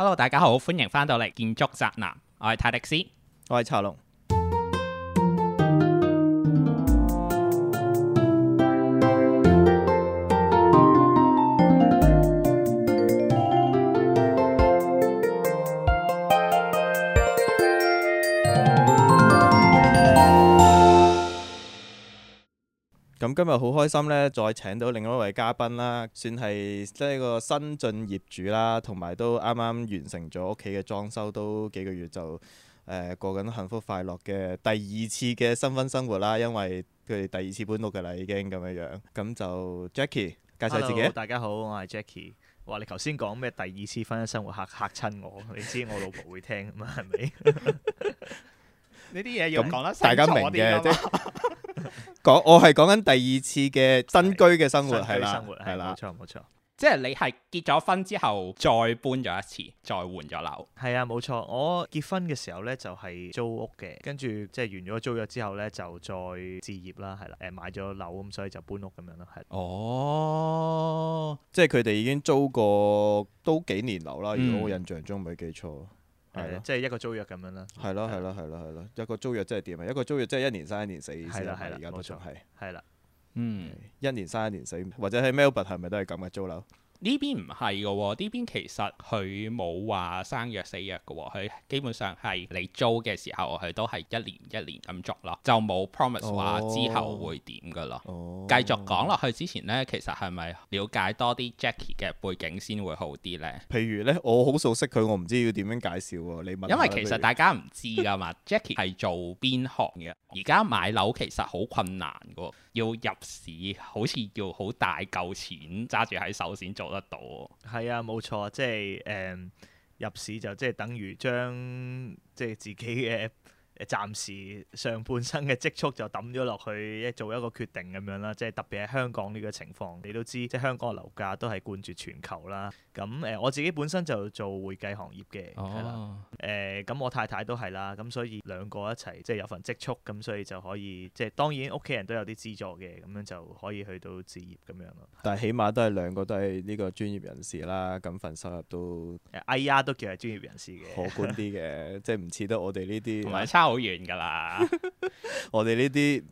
Hello，大家好，歡迎翻到嚟《建築宅男》，我係泰迪斯，我係茶龍。咁、嗯、今日好開心呢，再請到另外一位嘉賓啦，算係即係個新進業主啦，同埋都啱啱完成咗屋企嘅裝修，都幾個月就誒、呃、過緊幸福快樂嘅第二次嘅新婚生活啦，因為佢哋第二次搬屋嘅啦，已經咁樣樣，咁就 Jacky 介紹自己。Hello, 大家好，我係 Jacky。哇，你頭先講咩第二次婚姻生活吓吓親我， 你知我老婆會聽嘛，係咪 是吧？ 呢啲嘢要講得 大家明嘅，講、就係、 我係講緊第二次嘅新居嘅生活係啦，係啦，冇錯冇錯。即係你係結咗婚之後再搬咗一次，再換咗樓。係啊，冇錯。我結婚嘅時候咧就係、係、租屋嘅，跟住即係完咗租咗之後咧就再置業啦，係啦，誒買咗樓咁，所以就搬屋咁樣咯。係。哦，即係佢哋已經租過都幾年樓啦。嗯、如果我印象中，唔係記錯。係咯，即係對 140 一個租約咁樣啦。係咯，係咯，係咯，係咯。一個租約即係點啊？一個租約即係一年生一年死先啦。而家都仲係。係啦，嗯，一年生一年死，或者喺 Melbourne 係咪都係咁嘅租樓？呢邊唔係嘅喎，呢邊其實佢冇話生約死約嘅喎，佢基本上係你租嘅時候，佢都係一年一年咁續咯，就冇 promise 話之後會點嘅咯。哦哦、繼續講落去之前呢，其實係咪了解多啲 Jacky 嘅背景先會好啲呢？譬如呢，我好熟悉佢，我唔知要點樣介紹喎。你問下，因為其實大家唔知㗎嘛 ，Jacky 係做邊行嘅？而家買樓其實好困難嘅。要入市好似要好大嚿錢揸住喺手先做得到，係啊，冇錯，即係誒、嗯、入市就即係等於將即係自己嘅。誒暫時上半生嘅積蓄就抌咗落去，一做一個決定咁樣啦，即係特別喺香港呢個情況，你都知，即係香港嘅樓價都係冠絕全球啦。咁誒、呃，我自己本身就做會計行業嘅，誒咁、哦呃、我太太都係啦，咁所以兩個一齊即係有份積蓄，咁所以就可以即係當然屋企人都有啲資助嘅，咁樣就可以去到置業咁樣咯。但係起碼都係兩個都係呢個專業人士啦，咁份收入都哎呀、啊，IR、都叫係專業人士嘅，可觀啲嘅， 即係唔似得我哋呢啲好遠噶啦！ 我哋呢啲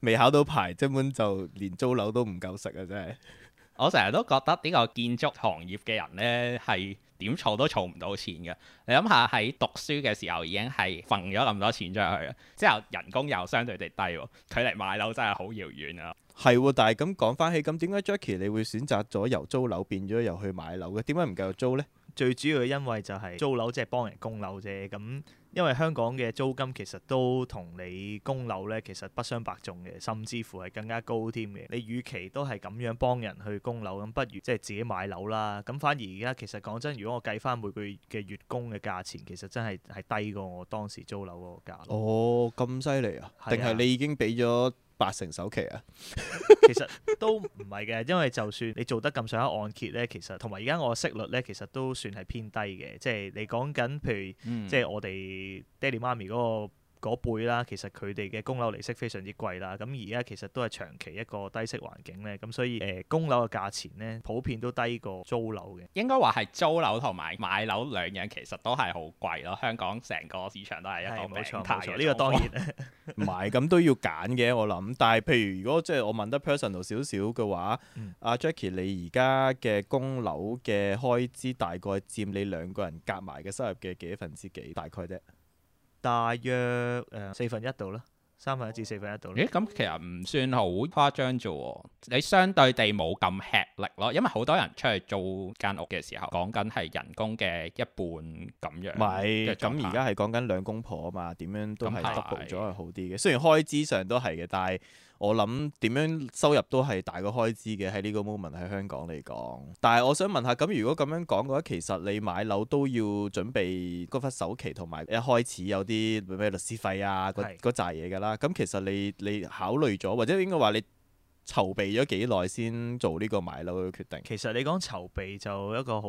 未考到牌，根本就連租樓都唔夠食啊！真係， 我成日都覺得呢個建築行業嘅人呢，係點儲都儲唔到錢嘅。你諗下喺讀書嘅時候已經係使咗咁多錢出去啦，之後人工又相對地低，啊，距離買樓真係好遙遠啊！係，但係咁講翻起，咁點解 Jacky 你會選擇咗由租樓變咗又去買樓嘅？點解唔繼續租呢？最主要因為就係租樓即係幫人供樓啫，咁。因為香港嘅租金其實都同你供樓咧，其實不相伯仲嘅，甚至乎係更加高添嘅。你與其都係咁樣幫人去供樓，咁不如即係自己買樓啦。咁反而而家其實講真，如果我計返每個月嘅月供嘅價錢，其實真係係低過我當時租樓嗰個價。哦，咁犀利啊！定係你已經俾咗？八成首期啊， 其實都唔係嘅，因為就算你做得咁上下按揭咧，其實同埋而家我息率咧，其實都算係偏低嘅。即係你講緊，譬如即係、嗯、我哋爹哋媽咪嗰個，嗰輩啦，其實佢哋嘅供樓利息非常之貴啦。咁而家其實都係長期一個低息環境咧，咁所以誒呃、供樓嘅價錢咧，普遍都低過租樓嘅。應該話係租樓同埋買樓兩樣其實都係好貴咯。香港成個市場都係一個冇錯，冇錯、呢個當然唔係， 咁都要揀嘅我諗。但係譬如如果即係我問得 personal 少少嘅話，阿、嗯、Jackie 你而家嘅供樓嘅開支大概佔你兩個人夾埋嘅收入嘅幾分之幾？大概啫。大約誒、呃、四分一度啦，三分一至四分一度啦。誒咁其實唔算好誇張啫喎，你相對地冇咁吃力咯，因為好多人出去租間屋嘅時候講緊係人工嘅一半咁樣。唔係，咁而家係講緊兩公婆啊嘛，點樣都係 double 咗係好啲嘅。是雖然開支上都係嘅，但係。我諗點樣收入都係大過開支嘅喺呢個 moment 喺香港嚟講。但係我想問下，咁如果咁樣講嘅話，其實你買樓都要準備嗰忽首期同埋一開始有啲咩律師費啊嗰嗰扎嘢㗎啦。咁其實你你考慮咗，或者應該話你籌備咗幾耐先做呢個買樓嘅決定？其實你講籌備就一個好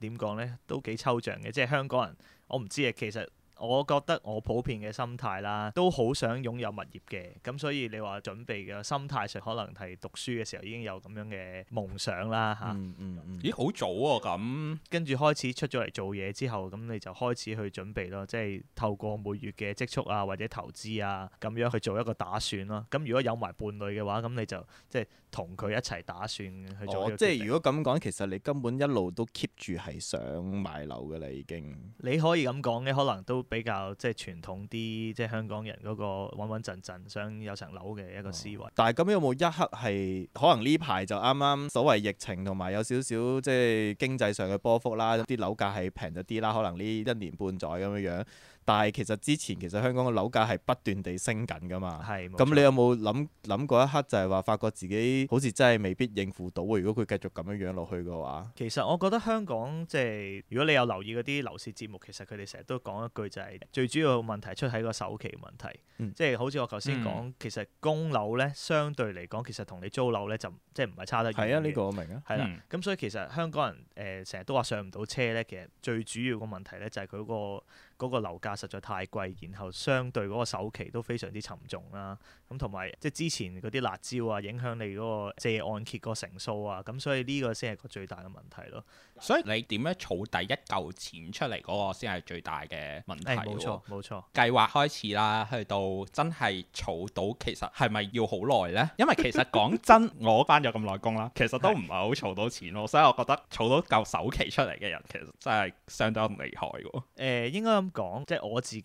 點講呢？都幾抽象嘅，即係香港人，我唔知啊，其實。我覺得我普遍嘅心態啦，都好想擁有物業嘅，咁所以你話準備嘅心態上，可能係讀書嘅時候已經有咁樣嘅夢想啦，嚇、嗯。嗯嗯嗯。咦，好早喎、啊，咁跟住開始出咗嚟做嘢之後，咁你就開始去準備咯，即、就、係、是、透過每月嘅積蓄啊，或者投資啊，咁樣去做一個打算咯。咁如果有埋伴侶嘅話，咁你就即係。就是同佢一齊打算去做。哦，即係如果咁講，其實你根本一路都 keep 住係想買樓嘅啦，已經。你可以咁講嘅，可能都比較即係傳統啲，即係香港人嗰個穩穩陣陣想有層樓嘅一個思維。嗯，但係咁有冇一刻係可能呢排就啱啱所謂疫情同埋有少少即係經濟上嘅波幅啦，啲樓價係平咗啲啦，可能呢一年半載咁樣樣。但係其實之前其實香港嘅樓價係不斷地升緊㗎嘛，係咁你有冇諗諗過一刻就係話，發覺自己好似真係未必應付到，如果佢繼續咁樣樣落去嘅話。其實我覺得香港即係、就是、如果你有留意嗰啲樓市節目，其實佢哋成日都講一句就係、是、最主要問題出喺個首期問題，嗯、即係好似我頭先講，其實供樓咧相對嚟講，其實同你租樓咧就即係唔係差得遠。係啊，呢、這個我明啊。係啦，咁所以其實香港人誒成日都話上唔到車咧，其實最主要個問題咧就係佢、那個。嗰個樓價實在太貴，然後相對嗰個首期都非常之沉重啦、啊。咁同埋即係之前嗰啲辣招啊，影響你嗰個借按揭個成數啊。咁所以呢個先係個最大嘅問題咯。所以你點樣儲第一嚿錢出嚟嗰個先係最大嘅問題、啊？冇、哎、錯，冇錯。計劃開始啦，去到真係儲到，其實係咪要好耐呢？因為其實講真， 我返咗咁耐工啦，其實都唔係好儲到錢咯。是所以我覺得儲到嚿首期出嚟嘅人，其實真係相當厲害嘅。誒、呃，應講即係我自己，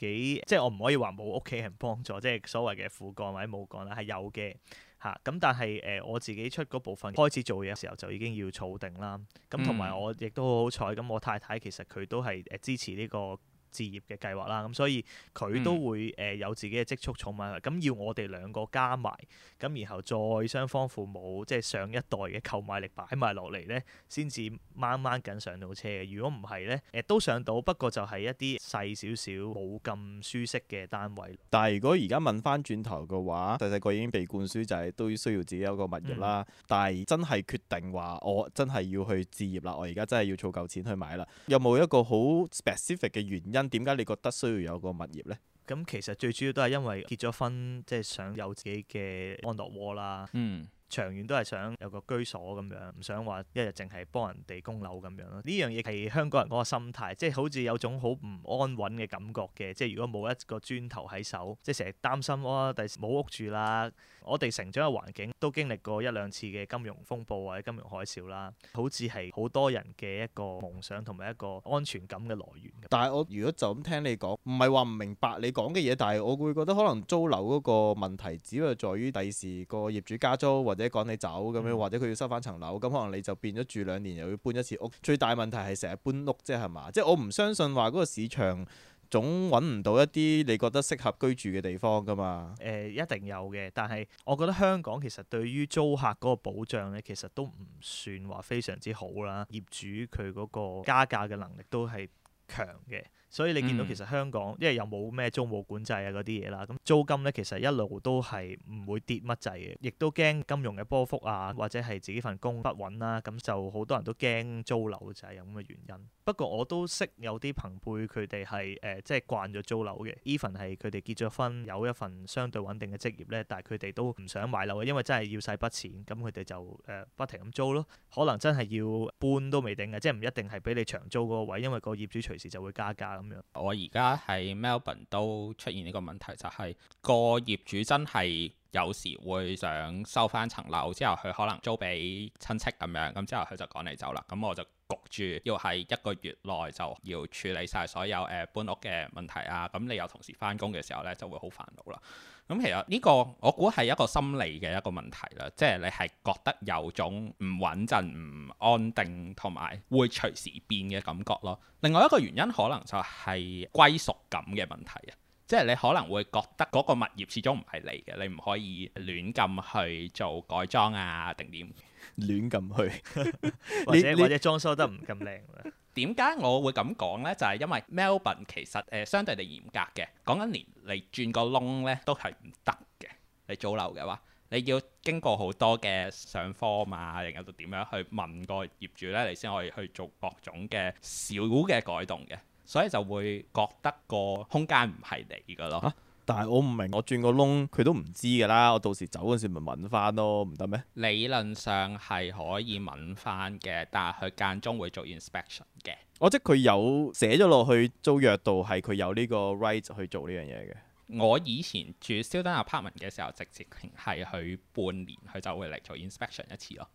即係我唔可以話冇屋企人幫助，即係所謂嘅父幹或者母幹啦，係有嘅吓。咁、嗯、但係誒、呃、我自己出嗰部分，開始做嘢嘅時候就已經要儲定啦。咁同埋我亦都好好彩，咁我太太其實佢都係誒、呃、支持呢、這個。置業嘅計劃啦，咁、嗯、所以佢都會誒、呃、有自己嘅積蓄儲埋去，咁要我哋兩個加埋，咁然後再雙方父母即係上一代嘅購買力擺埋落嚟呢，先至掹掹緊上到車嘅。如果唔係呢，誒、呃、都上到，不過就係一啲細少少、冇咁舒適嘅單位。但係如果而家問翻轉頭嘅話，細細個已經被灌輸就係、是、都需要自己有一個物業啦。嗯、但係真係決定話我真係要去置業啦，我而家真係要儲夠錢去買啦。有冇一個好 specific 嘅原因？點解你覺得需要有個物業呢？咁其實最主要都係因為結咗婚，即係想有自己嘅安樂窩啦。嗯，長遠都係想有個居所咁樣，唔想話一日淨係幫人哋供樓咁樣咯。呢樣嘢係香港人嗰個心態，即係好似有種好唔安穩嘅感覺嘅。即係如果冇一個磚頭喺手，即係成日擔心啊，第時冇屋住啦。我哋成長嘅環境都經歷過一兩次嘅金融風暴或者金融海嘯啦，好似係好多人嘅一個夢想同埋一個安全感嘅來源。但係我如果就咁聽你講，唔係話唔明白你講嘅嘢，但係我會覺得可能租樓嗰個問題，只不過在於第時個業主加租或者趕你走咁樣，或者佢、嗯、要收返層樓，咁可能你就變咗住兩年又要搬一次屋。最大問題係成日搬屋啫係嘛？即係我唔相信話嗰個市場。總揾唔到一啲你覺得適合居住嘅地方㗎嘛？誒、呃，一定有嘅，但係我覺得香港其實對於租客嗰個保障咧，其實都唔算話非常之好啦。業主佢嗰個加價嘅能力都係強嘅。所以你見到其實香港因為又冇咩租務管制啊嗰啲嘢啦，咁租金咧其實一路都係唔會跌乜滯嘅，亦都驚金融嘅波幅啊，或者係自己份工不穩啦、啊，咁就好多人都驚租樓就係有咁嘅原因。不過我都識有啲朋輩佢哋係誒即係慣咗租樓嘅，even 係佢哋結咗婚有一份相對穩定嘅職業咧，但係佢哋都唔想買樓嘅，因為真係要晒筆錢，咁佢哋就誒、呃、不停咁租咯。可能真係要搬都未定嘅，即係唔一定係俾你長租嗰個位，因為個業主隨時就會加價。我而家喺 Melbourne 都出現呢個問題，就係、是、個業主真係有時會想收翻層樓之後，佢可能租俾親戚咁樣，咁之後佢就趕你走啦。咁我就焗住要喺一個月內就要處理晒所有誒、呃、搬屋嘅問題啊！咁你又同時翻工嘅時候呢，就會好煩惱啦。咁、嗯、其實呢個我估係一個心理嘅一個問題啦，即係你係覺得有種唔穩陣、唔安定同埋會隨時變嘅感覺咯。另外一個原因可能就係歸屬感嘅問題啊，即係你可能會覺得嗰個物業始終唔係你嘅，你唔可以亂咁去做改裝啊定點。亂咁去， 或者 你或者裝修得唔咁靚咧？點解我會咁講呢？就係、是、因為 Melbourne 其實誒、呃、相對地嚴格嘅，講緊連你轉個窿呢都係唔得嘅。你租樓嘅話，你要經過好多嘅上課嘛，然後到點樣去問個業主呢？你先可以去做各種嘅小嘅改動嘅，所以就會覺得個空間唔係你㗎囉。啊但係我唔明，我轉個窿佢都唔知㗎啦。我到時走嗰時咪聞翻咯，唔得咩？理論上係可以聞翻嘅，但係佢間中會做 inspection 嘅。哦，即係佢有寫咗落去租約度係佢有呢個 right 去做呢樣嘢嘅。我以前住 student apartment 嘅時候，直接係佢半年佢就會嚟做 inspection 一次咯。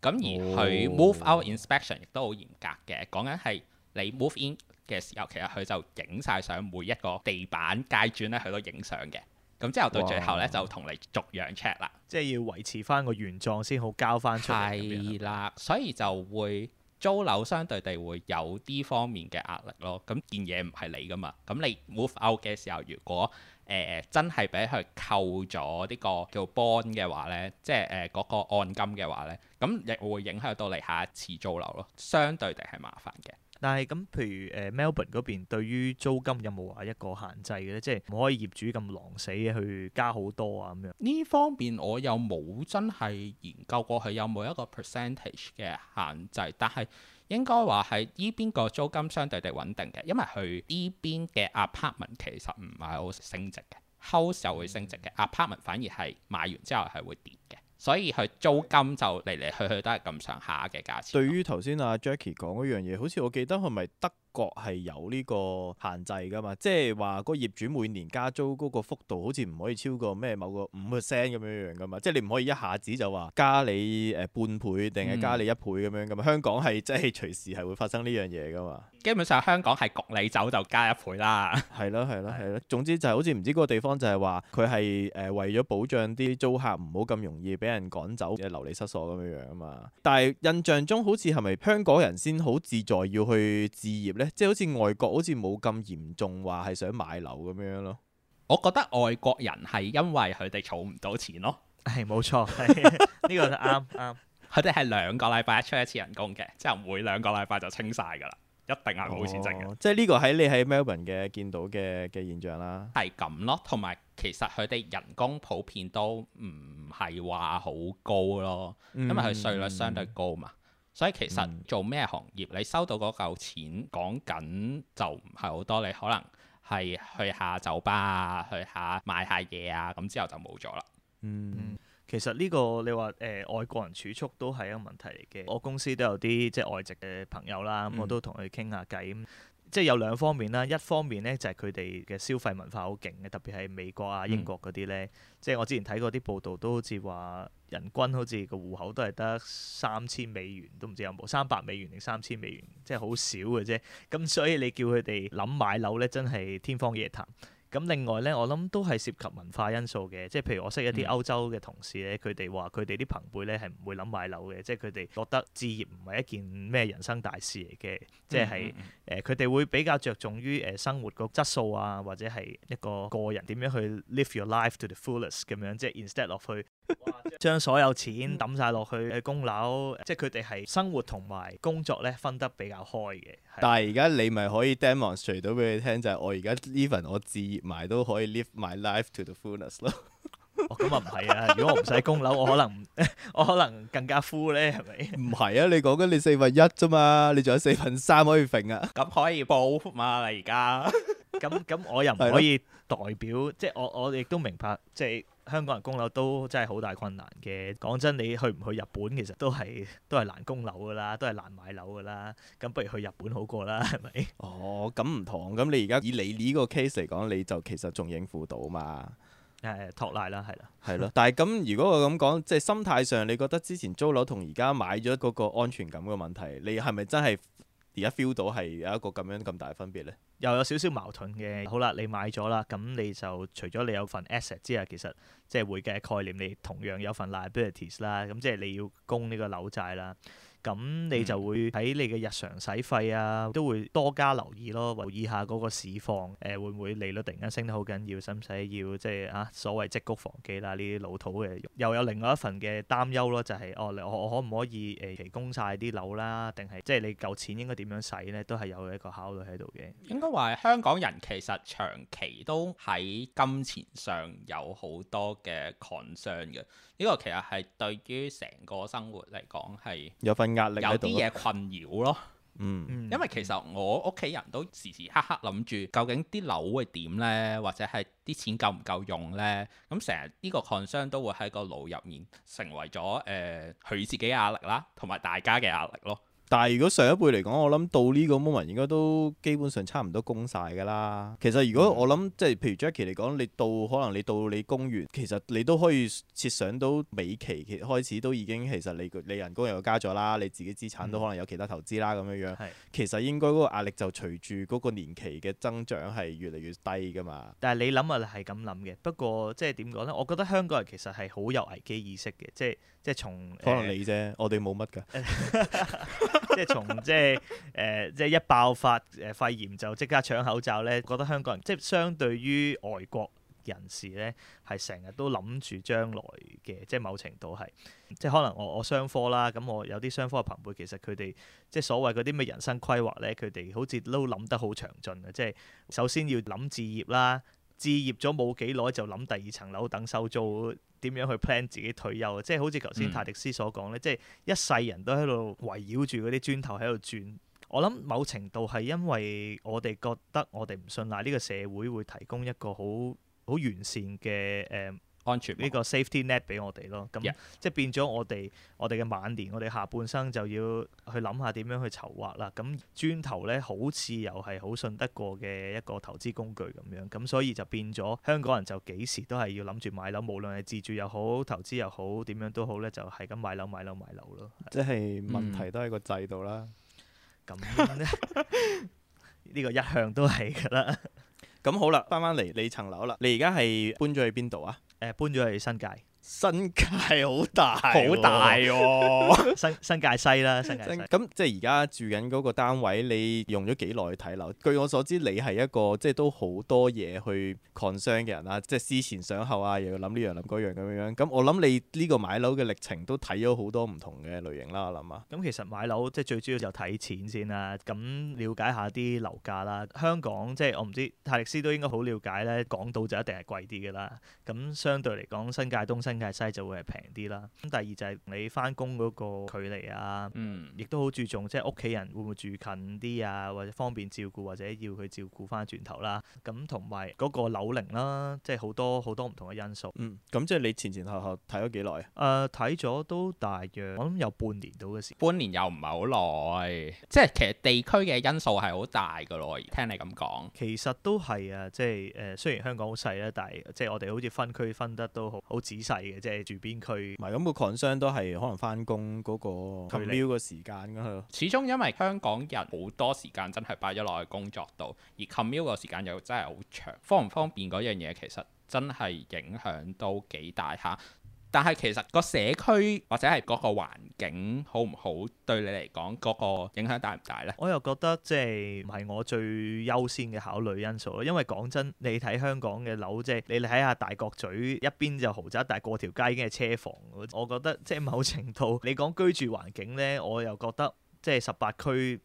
咁而佢 move out inspection 亦都好嚴格嘅，講緊係你 move in。嘅時候，其實佢就影晒相，每一個地板階磚咧，佢都影相嘅。咁之後到最後咧，哇就同你逐樣 check 啦，即係要維持翻個原狀先好交翻出嚟。係啦，所以就會租樓相對地會有啲方面嘅壓力咯。咁件嘢唔係你噶嘛，咁你 move out 嘅時候，如果誒、呃、真係俾佢扣咗呢個叫 bond 嘅話咧，即係誒嗰個按金嘅話咧，咁亦會影響到你下一次租樓咯。相對地係麻煩嘅。但係咁、嗯，譬如誒 Melbourne 嗰邊對於租金有冇話一個限制嘅咧？即係唔可以業主咁狼死嘅去加好多啊咁樣。呢方面我又冇真係研究過，佢有冇一個 percentage 嘅限制。但係應該話係依邊個租金相對地穩定嘅，因為佢呢邊嘅 apartment 其實唔係好升值嘅，house、嗯、就會升值嘅，apartment、嗯、反而係買完之後係會跌嘅。所以佢租金就嚟嚟去去都係咁上下嘅價錢。對於頭先阿 Jacky 講嗰樣嘢，好似我記得係咪得？國係有呢個限制㗎嘛，即係話嗰個業主每年加租嗰個幅度好似唔可以超過咩某個五 percent 咁樣樣㗎嘛，即係你唔可以一下子就話加你誒半倍定係加你一倍咁樣㗎嘛。香港係即係隨時係會發生呢樣嘢㗎嘛。基本上香港係焗你走就加一倍啦。係咯係咯係咯，總之就係好似唔知嗰個地方就係話佢係誒為咗保障啲租客唔好咁容易俾人趕走，即係流離失所咁樣樣啊嘛。但係印象中好似係咪香港人先好自在要去置業咧？即係好似外國好似冇咁嚴重話係想買樓咁樣咯，我覺得外國人係因為佢哋儲唔到錢咯，係冇錯，呢個啱啱佢哋係兩個禮拜一出一次人工嘅，之後每兩個禮拜就清晒㗎啦，一定係冇錢剩嘅。哦，即係呢個喺你喺 Melbourne 嘅見到嘅嘅現象啦，係咁咯，同埋其實佢哋人工普遍都唔係話好高咯，因為佢稅率相對高嘛。嗯嗯。所以其實做咩行業，你收到嗰嚿錢講緊就唔係好多，你可能係去下酒吧啊，去下買下嘢啊，咁之後就冇咗啦。嗯，其實呢個你話誒、呃、外國人儲蓄都係一個問題嚟嘅，我公司都有啲即係外籍嘅朋友啦，咁我都同佢傾下偈。嗯即係有兩方面啦，一方面呢，就係佢哋嘅消費文化好勁嘅，特別係美國啊、英國嗰啲呢。嗯、即係我之前睇過啲報道都好似話人均好似個戶口都係得三千美元，都唔知有冇三百美元定三千美元，即係好少嘅啫。咁所以你叫佢哋諗買樓呢，真係天方夜譚。咁另外咧，我諗都係涉及文化因素嘅，即係譬如我識一啲歐洲嘅同事咧，佢哋話佢哋啲朋輩咧係唔會諗買樓嘅，即係佢哋覺得置業唔係一件咩人生大事嚟嘅，mm hmm. 即係誒佢哋會比較着重於誒、呃、生活個質素啊，或者係一個個人點樣去 live your life to the fullest 咁樣，即係 instead of 去。將所有錢抌晒落去供樓，即係佢哋係生活同埋工作咧分得比較開嘅。但係而家你咪可以 Demonstrate 到俾你聽就，就係我而家 even 我置業埋都可以 Live my life to the fullness 咯。哦，咁啊唔係啊，如果我唔使供樓，我可能 我可能更加 full 咧，係咪？唔係啊，你講緊你四分一啫嘛，你仲有四分三可以揈啊。咁可以報嘛？你而家咁咁， 我又唔可以代表，的即係我我亦都明白，即係。香港人供樓都真係好大困難嘅。講真，你去唔去日本其實都係都係難供樓㗎啦，都係難買樓㗎啦。咁不如去日本好過啦，係咪？哦，咁唔同。咁你而家以你呢個 case 嚟講，你就其實仲應付到嘛？誒、嗯，託賴啦，係啦。係咯。但係咁，如果我咁講，即係心態上，你覺得之前租樓同而家買咗嗰個安全感嘅問題，你係咪真係？而家 feel 到係有一個咁樣咁大分別呢，又有少少矛盾嘅。好啦，你買咗啦，咁你就除咗你有份 asset 之外，其實即係會計概念，你同樣有份 liabilities 啦，咁即係你要供呢個樓債啦。咁你就會喺你嘅日常使費啊，都會多加留意咯，留意下嗰個市況，誒、呃、會唔會利率突然間升得好緊要，使唔使要，要即係啊所謂積谷防饑啦？呢啲老土嘅，又有另外一份嘅擔憂咯，就係、是、哦我可唔可以誒提、呃、供晒啲樓啦？定係即係你嚿錢應該點樣使呢？都係有一個考慮喺度嘅。應該話係香港人其實長期都喺金錢上有好多嘅 concern 嘅。呢個其實係對於成個生活嚟講係有份壓力，有啲嘢困擾咯。嗯，因為其實我屋企人都時時刻刻諗住究竟啲樓會點呢？或者係啲錢夠唔夠用呢？咁成日呢個 concern 都會喺個腦入面成為咗誒佢自己壓力啦，同埋大家嘅壓力咯。但係如果上一輩嚟講，我諗到呢個 moment 應該都基本上差唔多供晒㗎啦。其實如果我諗，即係、嗯、譬如 Jacky 嚟講，你到可能你到你供完，其實你都可以設想到尾期，其實開始都已經其實你你人工又加咗啦，你自己資產都可能有其他投資啦咁樣樣。是其實應該嗰個壓力就隨住嗰個年期嘅增長係越嚟越低㗎嘛。但係你諗啊係咁諗嘅，不過即係點講呢？我覺得香港人其實係好有危機意識嘅，即係即係從可能你啫，呃、我哋冇乜㗎。 即係從即係誒、呃，即係一爆發誒、呃、肺炎就即刻搶口罩咧，覺得香港人即係相對於外國人士咧，係成日都諗住將來嘅，即係某程度係即係可能我我商科啦，咁我有啲商科嘅朋輩其實佢哋即係所謂嗰啲咩人生規劃咧，佢哋好似都諗得好詳盡嘅，即係首先要諗置業啦，置業咗冇幾耐就諗第二層樓等收租。點樣去 plan 自己退休啊？即係好似頭先泰迪斯所講咧，嗯、即係一世人，都喺度圍繞住嗰啲磚頭喺度轉。我諗某程度係因為我哋覺得我哋唔信賴呢、呢個社會會提供一個好好完善嘅誒、呃安全呢個 safety net 俾我哋咯，咁、嗯、即係變咗我哋我哋嘅晚年，我哋下半生就要去諗下點樣去籌劃啦。咁磚頭呢，好似又係好信得過嘅一個投資工具咁樣，咁所以就變咗香港人就幾時都係要諗住買樓，無論係自住又好，投資又好，點樣都好呢就係咁買樓買樓買樓咯。即係問題都係個制度啦。咁呢、嗯、 這樣 個一向都係噶啦。咁 好啦，翻返嚟你層樓啦，你而家係搬咗去邊度啊？誒搬咗去新界。新界好大，好大新新界西啦，新界西咁 即係而家住緊嗰個單位，你用咗幾耐去睇樓？據我所知，你係一個即係都好多嘢，去 concern 嘅人啦，即係思前想後啊，又要諗呢樣諗嗰樣咁樣樣。咁我諗你呢個買樓嘅歷程都睇咗好多唔同嘅類型啦，我諗啊。咁其實買樓即係最主要就睇錢先啦。咁了解下啲樓價啦，香港即係我唔知泰利斯都應該好了解咧。港島就一定係貴啲噶啦。咁相對嚟講，新界東西。新界西就會係平啲啦。咁第二就係你翻工嗰個距離啊，嗯，亦都好注重即係屋企人會唔會住近啲啊，或者方便照顧，或者要佢照顧翻轉頭啦。咁、啊就是、同埋嗰個樓齡啦，即係好多好多唔同嘅因素。咁、嗯嗯、即係你前前後後睇咗幾耐啊？睇咗、呃、都大約，我諗有半年到嘅時間。半年又唔係好耐，即係其實地區嘅因素係好大㗎咯。聽你咁講，其實都係啊，即係誒，雖然香港好細啦，但係即係我哋好似分區分得都好好仔細。嘅即係住邊區，唔係咁個 commute 都係可能翻工嗰個 commute 個理時間咯。始終因為香港人好多時間真係擺咗落去工作度，而 commute 個時間又真係好長，方唔方便嗰樣嘢其實真係影響都幾大下。但係其實個社區或者係嗰個環境好唔好，對你嚟講嗰個影響大唔大呢？我又覺得即係唔係我最優先嘅考慮因素，因為講真，你睇香港嘅樓，即係你睇下大角咀一邊就豪宅，但係過條街已經係車房。我覺得即係某程度，你講居住環境呢，我又覺得即係十八區。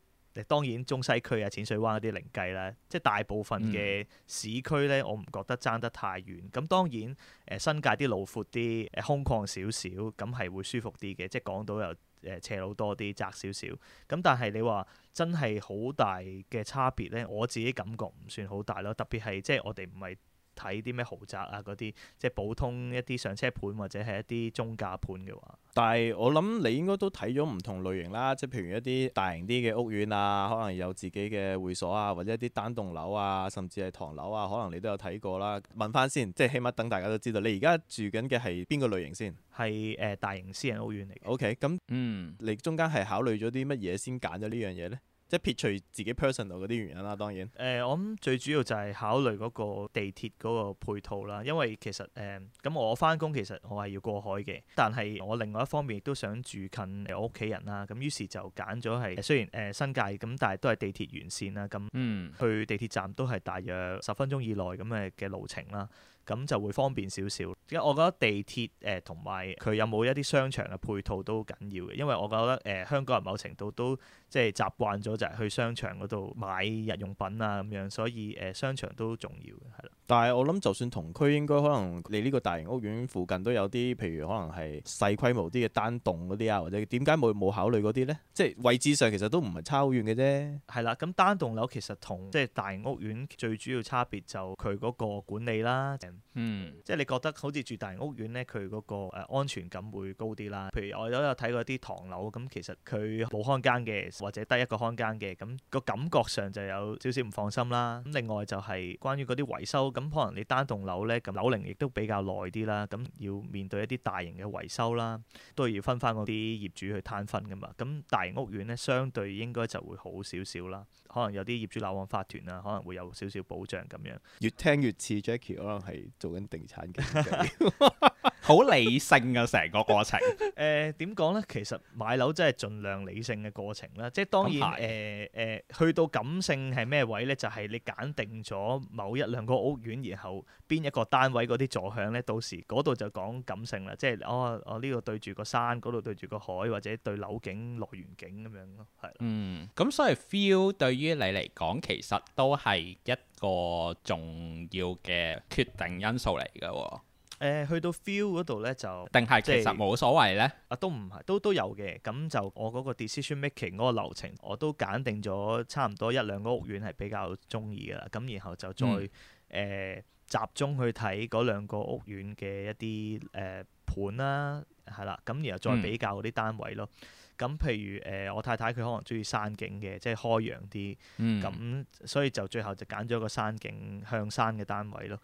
誒當然中西區啊、淺水灣嗰啲零計啦，即係大部分嘅市區咧，我唔覺得差得太遠。咁、嗯、當然誒新界啲路闊啲，誒空曠少少，咁係會舒服啲嘅。即係港島又誒斜路多啲，窄少少。咁但係你話真係好大嘅差別咧，我自己感覺唔算好大咯。特別係即係我哋唔係。睇啲咩豪宅啊嗰啲，即係普通一啲上車盤或者係一啲中價盤嘅話。但係我諗你應該都睇咗唔同類型啦，即係譬如一啲大型啲嘅屋苑啊，可能有自己嘅會所啊，或者一啲單棟樓啊，甚至係唐樓啊，可能你都有睇過啦。問翻先，即係起碼等大家都知道，你而家住緊嘅係邊個類型先？係誒、呃、大型私人屋苑嚟嘅。O K，咁嗯，你中間係考慮咗啲乜嘢先揀咗呢樣嘢呢？即係撇除自己 personal 嗰啲原因啦、啊，當然。誒、呃，我諗最主要就係考慮嗰個地鐵嗰個配套啦，因為其實誒，咁、呃、我翻工其實我係要過海嘅，但係我另外一方面亦都想住近我屋企人啦，咁、嗯、於是就揀咗係雖然誒、呃、新界咁，但係都係地鐵沿線啦，咁去地鐵站都係大約十分鐘以內咁嘅嘅路程啦，咁、嗯、就會方便少少。因為我覺得地鐵誒同埋佢有冇一啲商場嘅配套都好緊要嘅，因為我覺得誒、呃、香港人某程度都。即係習慣咗就係去商場嗰度買日用品啊咁樣，所以誒、呃、商場都重要嘅，係啦。但係我諗就算同區應該可能你呢個大型屋苑附近都有啲，譬如可能係細規模啲嘅單棟嗰啲啊，或者點解冇冇考慮嗰啲呢？即係位置上其實都唔係差好遠嘅啫。係啦，咁單棟樓其實同即係大型屋苑最主要差別就佢嗰個管理啦。嗯，即係你覺得好似住大型屋苑呢，佢嗰、嗰個、呃、安全感會高啲啦。譬如我都有睇過啲唐樓，咁其實佢冇看更嘅。或者得一個看更嘅，咁、個感覺上就有少少唔放心啦。咁另外就係關於嗰啲維修，咁可能你單棟樓呢，咁樓齡亦都比較耐啲啦，咁要面對一啲大型嘅維修啦，都要分翻嗰啲業主去攤分噶嘛。咁大型屋苑呢，相對應該就會好少少啦。可能有啲業主立案法團啦，可能會有少少保障咁樣。越聽越似 Jacky，可能係做緊定產嘅。 好理性啊！成 個過程、 呃，誒點講呢？其實買樓真係盡量理性嘅過程啦。即係當然，誒誒是、呃呃，去到感性係咩位呢？就係、是、你揀定咗某一兩個屋苑，然後邊一個單位嗰啲坐向呢，到時嗰度就講感性啦。即係哦哦，呢、哦、度對住個山，嗰度對住個海，或者對樓景、樂園景咁樣咯，係。嗯，咁所以 feel 對於你嚟講，其實都係一個重要嘅決定因素嚟㗎喎。誒、呃、去到 feel 嗰度咧，就定係其實冇所謂咧？啊，都唔係，都都有嘅。咁就我嗰個 decision making 嗰個流程，我都揀定咗差唔多一兩個屋苑係比較中意嘅啦。咁然後就再誒、嗯呃、集中去睇嗰兩個屋苑嘅一啲誒、呃、盤啦、啊，係啦。咁然後再比較嗰啲單位咯。咁、嗯、譬如誒、呃，我太太佢可能中意山景嘅，即係開揚啲。嗯。咁所以就最後就揀咗個山景向山嘅單位咯。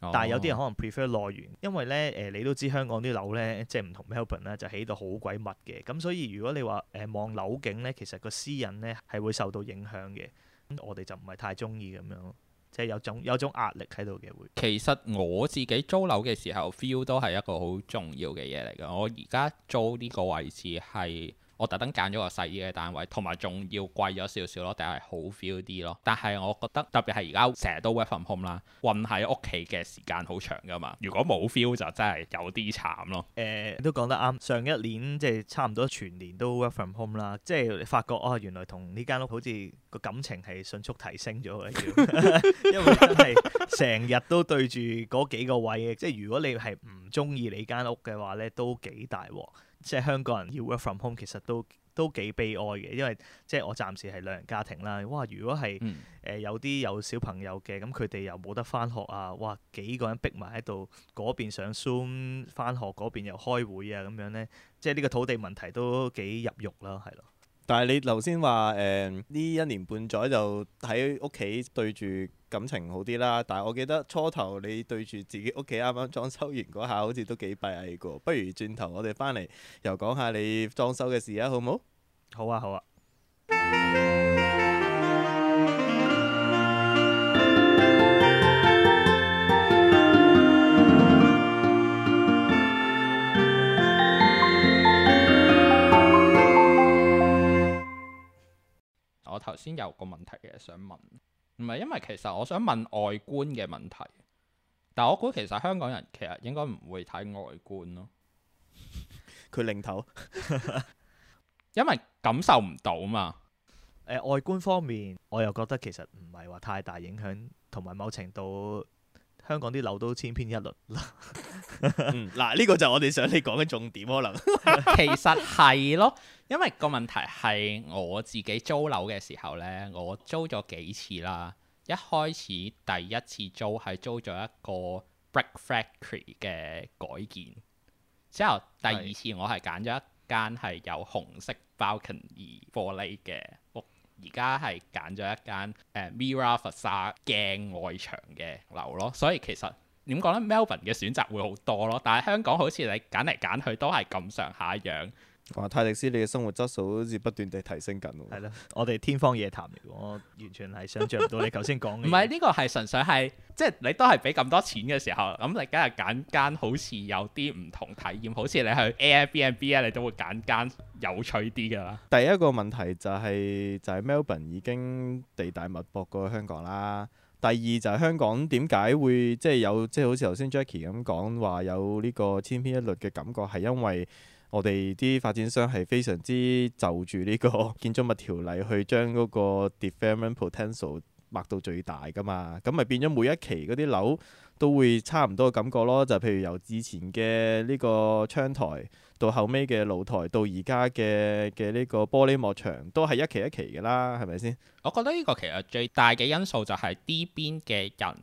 哦、但係有啲人可能 prefer 內園，因為咧誒、呃，你都知香港啲樓咧，即係唔同 Melbourne 咧就起到好鬼密嘅，咁所以如果你話誒、呃、望樓景咧，其實個私隱咧係會受到影響嘅，咁我哋就唔係太中意咁樣咯，即係有種有種壓力喺度嘅會。其實我自己租樓嘅時候，feel 都係一個好重要嘅嘢嚟㗎。我而家租呢個位置係。我特登揀咗個細啲嘅單位，同埋仲要貴咗少少咯，定係好 feel 啲咯？但係我覺得特別係而家成日都 work from home 啦，混喺屋企嘅時間好長㗎嘛。如果冇 feel 就真係有啲慘咯。誒、呃，都講得啱。上一年即係、就是、差唔多全年都 work from home 啦，即、就、係、是、發覺哦，原來同呢間屋好似個感情係迅速提升咗嘅， 因為真係成日都對住嗰幾個位。即、就、係、是、如果你係唔中意你間屋嘅話咧，都幾大鑊。即係香港人要 work from home 其實都都幾悲哀嘅，因為即係我暫時係兩人家庭啦。哇！如果係誒、嗯呃、有啲有小朋友嘅，咁佢哋又冇得翻學啊！哇，幾個人逼埋喺度，嗰邊 zo 上 zoom 翻學，嗰邊又開會啊咁樣咧，即係呢個土地問題都幾入肉啦，係咯。但係你頭先話誒呢一年半載就喺屋企對住。感情好啲啦，但係我記得初頭你對住自己屋企啱啱裝修完嗰下，好似都幾閉翳㗎。不如轉頭我哋翻嚟又講下你裝修嘅事啊，好冇？好啊，好啊。我頭先有個問題嘅想問。唔係，因為其實我想問外觀嘅問題，但我估其實香港人其實應該唔會睇外觀咯。佢 他擰頭， 因為感受唔到嘛。呃，外觀方面，我又覺得其實唔係話太大影響，同埋某程度。香港啲樓都千篇一律啦。嗱 呢、嗯、 個就我哋想你講嘅重點可能。 其實係咯，因為個問題係我自己租樓嘅時候呢，我租咗幾次啦。一開始第一次租係租咗一個 break factory 嘅改建，之後第二次我係揀咗一間係有紅色 balcony 玻璃嘅。而家係揀咗一間誒 Mirror 佛沙鏡外牆嘅樓咯，所以其實點講呢 Melvin 嘅選擇會好多咯，但係香港好似你揀嚟揀去都係咁上下樣。哇，泰迪斯，你嘅生活質素好似不斷地提升緊喎。係咯 我哋天方夜譚，如果我完全係想像唔到你頭先講嘅。唔係呢個係純粹係，即係你都係俾咁多錢嘅時候，咁你梗係揀間好似有啲唔同體驗，好似你去 Airbnb 啊，你都會揀間有趣啲㗎啦。第一個問題就係就係 Melbourne 已經地大物博過香港啦。第二就係香港點解會即係有即係好似頭先 Jacky 咁講話有呢個千篇一律嘅感覺係因為？我哋啲發展商係非常之就住呢個建築物條例去將嗰個 development potential 抹到最大㗎嘛，咁咪變咗每一期嗰啲樓都會差唔多嘅感覺咯。就譬如由之前嘅呢個窗台到後尾嘅露台，到而家嘅嘅呢個玻璃幕牆，都係一期一期嘅啦，係咪先？我覺得呢個其實最大嘅因素就係呢邊嘅人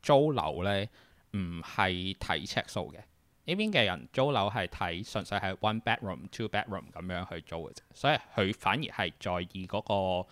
租樓呢，唔係睇尺數嘅。呢邊嘅人租樓係睇純粹係 one bedroom、two bedroom 咁樣去租嘅啫，所以佢反而係在意嗰個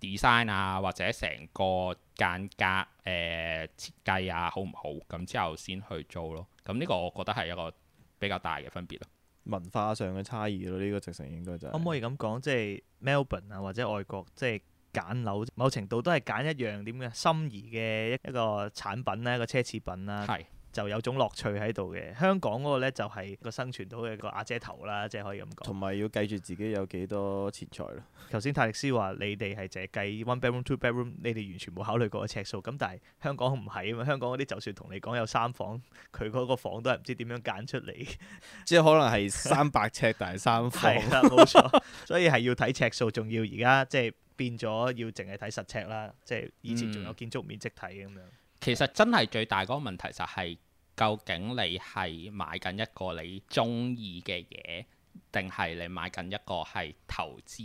design 啊，或者成個間隔誒設計啊好唔好，咁之後先去租咯。咁呢個我覺得係一個比較大嘅分別咯。文化上嘅差異咯，呢、這個直情應該就係、是。可唔可以咁講，即係 Melbourne 啊，或者外國，即係揀樓某程度都係揀一樣點嘅心儀嘅一一個產品咧，一個奢侈品啦、啊。係。就有種樂趣喺度嘅，香港嗰個咧就係個生存到嘅個阿姐頭啦，即係可以咁講。同埋要計住自己有幾多錢財咯。頭先泰力斯話你哋係淨係計 one bedroom two bedroom，你哋完全冇考慮過尺數。咁但係香港唔係啊嘛，香港嗰啲就算同你講有三房，佢嗰個房都係唔知點樣揀出嚟。 即係可能係三百尺， 但係三房。啦， 冇錯。所以係要睇尺數，仲要而家即係變咗要淨係睇實尺啦。即係以前仲有建築面積睇咁樣。嗯其實真係最大嗰個問題就係究竟你係買緊一個你中意嘅嘢，定係你買緊一個係投資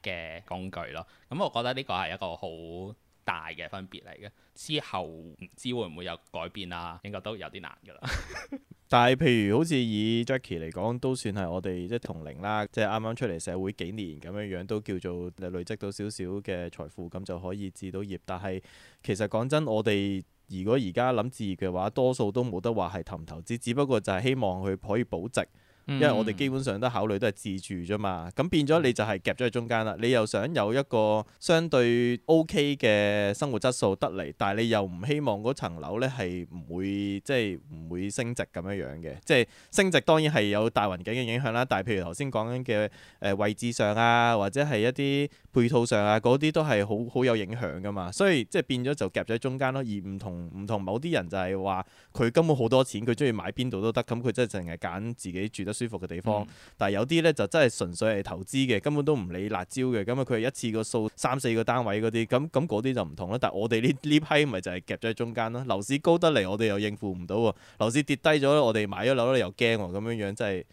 嘅工具咯？咁我覺得呢個係一個好大嘅分別嚟嘅。之後唔知會唔會有改變啊？應該都有啲難噶啦。 但係譬如好似以 Jacky 嚟講，都算係我哋即係同齡啦，即係啱啱出嚟社會幾年咁樣樣，都叫做累積到少少嘅財富，咁就可以置到業。但係其實講真，我哋如果而家諗置業嘅話，多數都冇得話係投唔投資，只不過就係希望佢可以保值。因為我哋基本上都考慮都係自住啫嘛，咁變咗你就係夾咗喺中間啦。你又想有一個相對 O.K. 嘅生活質素得嚟，但係你又唔希望嗰層樓呢係唔會即係唔會升值咁樣樣嘅。即係升值當然係有大環境嘅影響啦，但係譬如頭先講緊嘅誒位置上啊，或者係一啲配套上啊，嗰啲都係好好有影響噶嘛。所以即係變咗就夾咗喺中間咯。而唔同唔同某啲人就係話佢根本好多錢，佢中意買邊度都得，咁佢即係淨係揀自己住得舒服嘅地方，嗯、但係有啲呢就真係純粹係投資嘅，根本都唔理辣椒嘅。咁啊，佢係一次個數三四個單位嗰啲，咁咁嗰啲就唔同啦。但係我哋呢呢批咪就係夾咗喺中間咯。樓市高得嚟，我哋又應付唔到喎；樓市跌低咗，我哋買咗樓咧又驚喎。咁樣樣真係，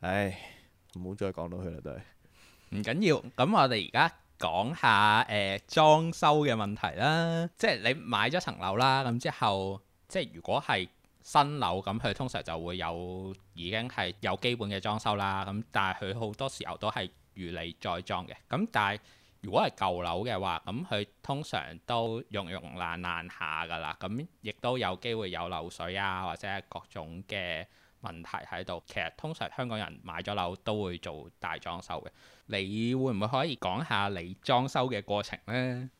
唉，唔好再講到佢啦，都係。唔緊要，咁我哋而家講下誒裝修嘅問題啦。即係你買咗層樓啦，咁之後，即係如果係。新樓咁佢通常就會有已經係有基本嘅裝修啦，咁但係佢好多時候都係如你再裝嘅。咁但係如果係舊樓嘅話，咁佢通常都融融爛爛下㗎啦，咁亦都有機會有漏水啊或者各種嘅問題喺度。其實通常香港人買咗樓都會做大裝修嘅。你會唔會可以講下你裝修嘅過程呢？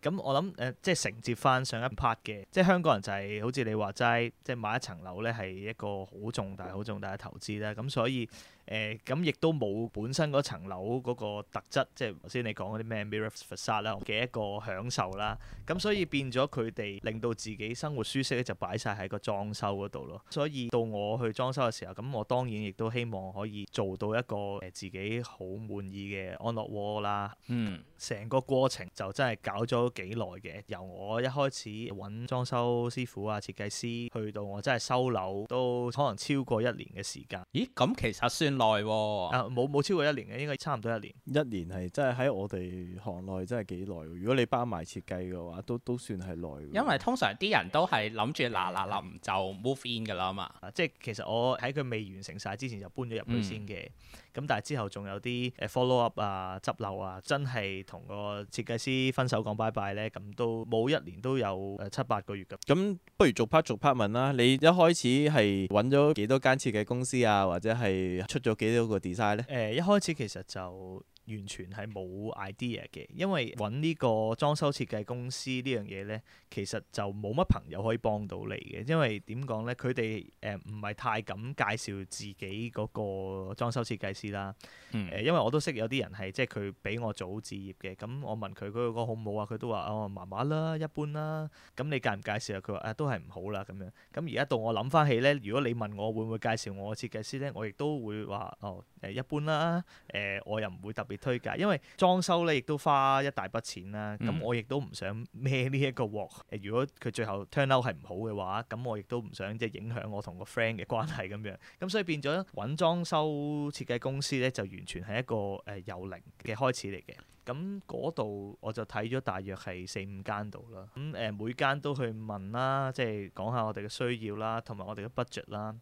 咁我諗誒、呃，即係承接翻上、上一 part 嘅，即係香港人就係、係、好似你話齋，即係買一層樓咧，係一個好重大、好重大嘅投資啦。咁所以，誒咁亦都冇本身嗰層樓嗰個特質，即係頭先你講嗰啲咩 mirror facade 啦嘅一個享受啦，咁所以變咗佢哋令到自己生活舒適咧，就擺晒喺個裝修嗰度咯。所以到我去裝修嘅時候，咁我當然亦都希望可以做到一個誒自己好滿意嘅安樂窩啦。嗯，成個過程就真係搞咗幾耐嘅，由我一開始揾裝修師傅啊、設計師去到我真係收樓都可能超過一年嘅時間。咦，咁其實算～耐啊，冇冇超過一年嘅，應該差唔多一年。一年係真係喺我哋行內真係幾耐。如果你包埋設計嘅話，都都算係耐。因為通常啲人都係諗住嗱嗱臨就 move in 㗎啦嘛。啊、即係其實我喺佢未完成晒之前就搬咗入去先嘅。嗯。咁但係之後仲有啲誒 follow up 啊、執漏啊，真係同個設計師分手講拜拜呢。b、啊、咁都冇一年都有誒七八個月㗎。咁不如逐 part 逐 part 問啦。你一開始係揾咗幾多間設計公司啊，或者係出咗幾多個 design 呢？誒、呃，一開始其實就。完全係冇 idea 嘅，因為揾呢個裝修設計公司呢樣嘢呢，其實就冇乜朋友可以幫到你嘅，因為點講呢？佢哋誒唔係太敢介紹自己嗰個裝修設計師啦、嗯呃，因為我都識有啲人係即係佢俾我做置業嘅，咁我問佢嗰個好唔好啊，佢都話哦麻麻啦，一般啦，咁你介唔介紹啊？佢話誒都係唔好啦咁樣，咁而家到我諗翻起呢，如果你問我會唔會介紹我設計師呢？我亦都會話哦、呃、一般啦，誒、呃、我又唔會特別推介，因為裝修咧亦都花一大筆錢啦，咁、嗯、我亦都唔想孭呢一個鑊。如果佢最後 turn out 係唔好嘅話，咁我亦都唔想即係、就是、影響我同個 friend 嘅關係咁樣。咁所以變咗揾裝修設計公司咧，就完全係一個誒由零嘅開始嚟嘅。咁嗰度我就睇咗大約係四五間度啦。咁誒每間都去問啦，即係講下我哋嘅需要啦，同埋我哋嘅 budget 啦。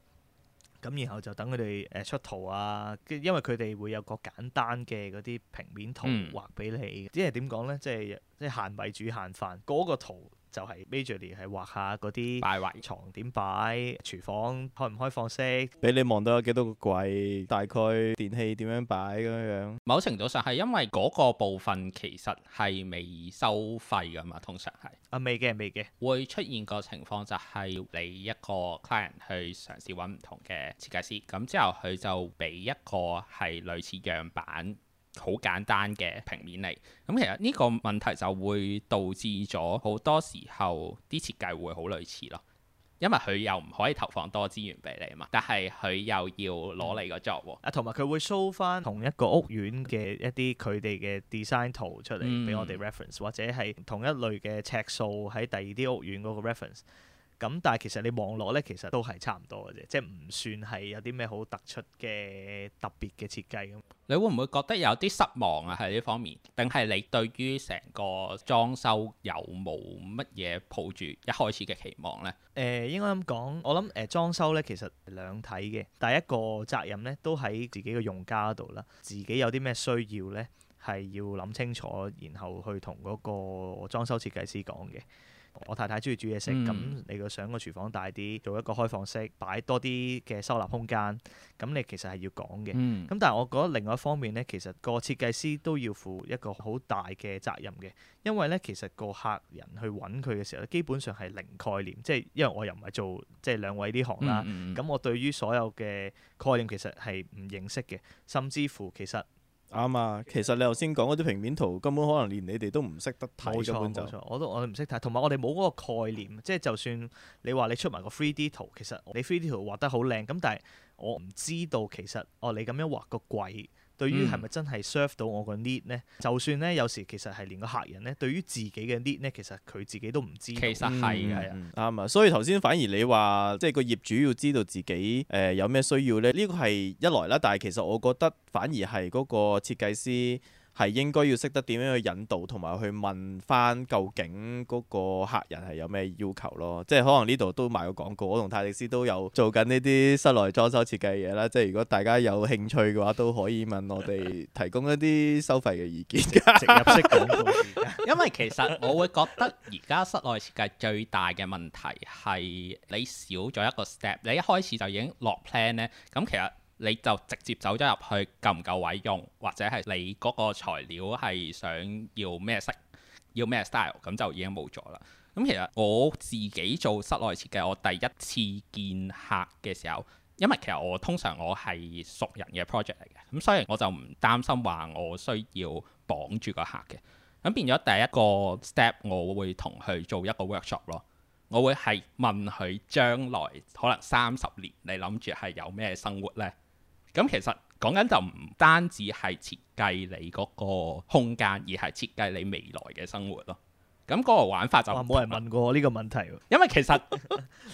咁然後就等佢哋誒出圖啊，因為佢哋會有個簡單嘅嗰啲平面圖畫俾你，嗯、即係點講咧，即係即係限米煮限飯嗰、嗰個圖。就係 majorly 係畫下嗰啲擺位、床點擺、廚房開唔開放式，俾你望到有幾多個櫃，大概電器點樣擺咁樣。某程度上係因為嗰個部分其實係未收費㗎嘛，通常係啊未嘅未嘅，會出現個情況就係你一個 client 去嘗試揾唔同嘅設計師，咁之後佢就俾一個係類似樣板。好簡單嘅平面嚟，咁其實呢個問題就會導致咗好多時候啲設計會好類似咯，因為佢又唔可以投放多資源俾你嘛，但係佢又要攞你個 job 喎，啊同埋佢會 show 翻同一個屋苑嘅一啲佢哋嘅 design 圖出嚟俾我哋 reference，或者係同一類嘅尺數喺第二啲屋苑嗰個 reference。嗯嗯。咁但係其實你望落咧，其實都係差唔多嘅啫，即係唔算係有啲咩好突出嘅特別嘅設計咁。你會唔會覺得有啲失望啊？喺呢方面，定係你對於成個裝修有冇乜嘢抱住一開始嘅期望咧？誒、呃，應該咁講，我諗誒、呃、裝修咧其實兩體嘅，第一個責任咧都喺自己嘅用家度啦，自己有啲咩需要咧係要諗清楚，然後去同嗰個裝修設計師講嘅。我太太中意煮嘢食，咁、嗯、你個想個廚房大啲，做一個開放式，擺多啲嘅收納空間，咁你其實係要講嘅。咁、嗯、但係我覺得另外一方面咧，其實個設計師都要負一個好大嘅責任嘅，因為咧其實個客人去揾佢嘅時候，基本上係零概念，即係因為我又唔係做即係、就是、兩位呢行啦，咁、嗯嗯、我對於所有嘅概念其實係唔認識嘅，甚至乎其實。啱啊！其實你頭先講嗰啲平面圖，根本可能連你哋都唔識得睇，冇錯，根本就。冇錯，我都我唔識睇，同埋我哋冇嗰個概念，即係就算你話你出埋個 three D 圖，其實你 three D 圖畫得好靚，咁但係我唔知道其實哦，你咁樣畫個櫃。對於係咪真係 serve 到我個 need 呢？嗯、就算呢，有時其實係連個客人呢，對於自己嘅 need 呢，其實佢自己都唔知。其實係啊，啱啊、嗯嗯、所以頭先反而你話即係個業主要知道自己誒、呃、有咩需要呢？呢個係一來啦。但係其實我覺得反而係嗰個設計師。係應該要識得點樣去引導，同埋去問翻究竟嗰個客人係有咩要求咯。即係可能呢度都賣過廣告，我同泰迪斯都有做緊呢啲室內裝修設計嘢啦。即係如果大家有興趣嘅話，都可以問我哋提供一啲收費嘅意見。 直，直入式廣告。 因為其實我會覺得而家室內設計最大嘅問題係你少咗一個 step，你一開始就已經落 plan 咧。咁其實你就直接走咗入去，夠唔夠位用，或者係你嗰個材料係想要咩色，要咩 style，咁就已經冇咗啦。咁其實我自己做室內設計，我第一次見客嘅時候，因為其實我通常我係熟人嘅 project 嚟嘅，咁所以我就唔擔心話我需要綁住個客嘅。咁變咗第一個 step，我會同佢做一個 workshop 咯，我會係問佢將來可能三十年你諗住係有咩生活呢？咁其實講緊就唔單止係設計你嗰個空間，而係設計你未來嘅生活咯。咁嗰個玩法就冇人問過呢個問題喎。因為其實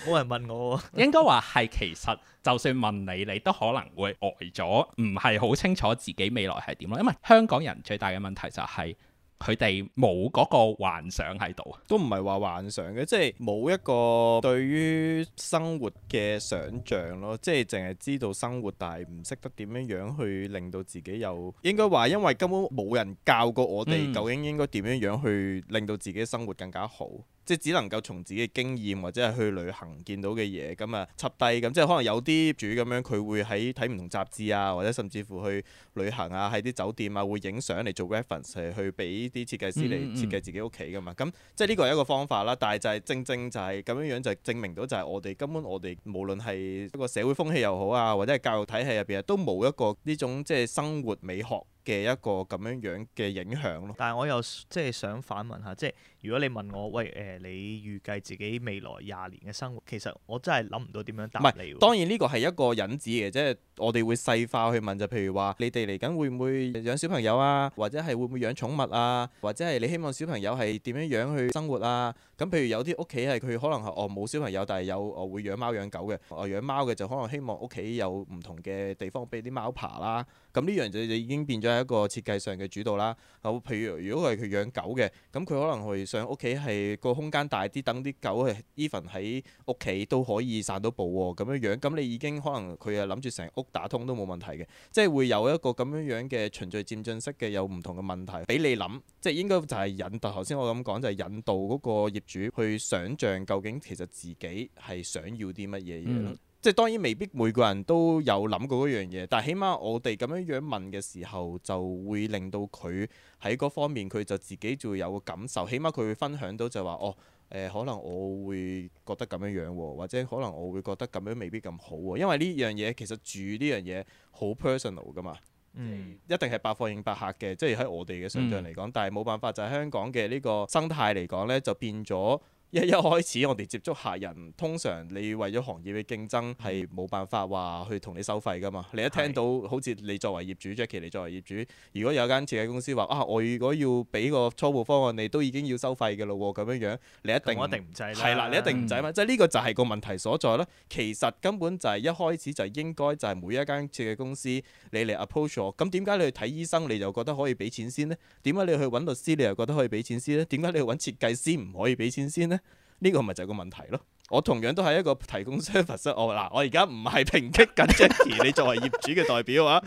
冇 人問我、哦， 應該話係其實就算問你，你都可能會呆咗，唔係好清楚自己未來係點咯。因為香港人最大嘅問題就係、係。佢哋冇嗰個幻想喺度，都唔係話幻想嘅，即係冇一個對於生活嘅想象咯，即係淨係知道生活，但係唔識得點樣樣去令到自己有應該話，因為根本冇人教過我哋、嗯、究竟應該點樣樣去令到自己生活更加好。即只能夠從自己嘅經驗或者係去旅行見到嘅嘢，咁啊插低咁，即係可能有啲主咁樣，佢會喺睇唔同雜誌啊，或者甚至乎去旅行啊，喺啲酒店啊會影相嚟做 reference 去俾啲設計師嚟設計自己屋企噶嘛。咁即係呢個係一個方法啦，但係就係正正就係咁樣樣就證明到就係我哋根本我哋無論係一個社會風氣又好啊，或者係教育體系入邊都冇一個呢種即係生活美學。嘅一個咁樣樣嘅影響咯，但係我又即係想反問下，即係如果你問我，喂誒、呃，你預計自己未來廿年嘅生活，其實我真係諗唔到點樣答你。唔係，當然呢個係一個引子嘅，即係。我哋會細化去問，就譬如話，你哋嚟緊會唔會養小朋友啊？或者係會唔會養寵物啊？或者係你希望小朋友係點樣樣去生活啊？咁譬如有啲屋企係佢可能係哦冇小朋友，但係有哦會養貓養狗嘅。哦養貓嘅就可能希望屋企有唔同嘅地方俾啲貓爬啦。咁呢樣就就已經變咗係一個設計上嘅主導啦。有譬如如果係佢養狗嘅，咁佢可能係上屋企係個空間大啲，等啲狗係 even 喺屋企都可以散到步喎咁樣樣。咁你已經可能佢又諗住成屋打通都冇問題嘅，即係會有一個咁樣樣嘅循序漸進式嘅有唔同嘅問題俾你諗，即係應該就係引導頭先我咁講就係、是、引導嗰個業主去想象究竟其實自己係想要啲乜嘢嘢咯。嗯、即係當然未必每個人都有諗過嗰樣嘢，但係起碼我哋咁樣樣問嘅時候就會令到佢喺嗰方面佢就自己就會有個感受，起碼佢會分享到就話哦。呃、可能我會覺得咁樣樣喎，或者可能我會覺得咁樣未必咁好喎，因為呢樣嘢其實住呢樣嘢好 personal 㗎嘛，嗯，一定係百貨應百客嘅，即係喺我哋嘅想像嚟講，但係冇辦法就係、係、香港嘅呢個生態嚟講呢就變咗。一一開始我哋接觸客人，通常你為咗行業嘅競爭係冇辦法話去同你收費㗎嘛？你一聽到是好似你作為業主 Jacky，你作為業主，如果有間設計公司話啊，我如果要俾個初步方案，你都已經要收費㗎咯喎，咁樣樣你一定唔制啦，你一定唔制咩？嗯、即係呢個就係個問題所在啦。其實根本就係一開始就應該就係每一間設計公司你嚟 approach 我。咁點解你去睇醫生你就覺得可以俾錢先呢？點解你去揾律師你又覺得可以俾錢先呢？點解你去揾設計師唔可以俾錢先呢？呢個咪就係個問題咯。我同樣都係一個提供 service 我嗱，我而家唔係抨擊緊 Jacky，你作為業主嘅代表啊，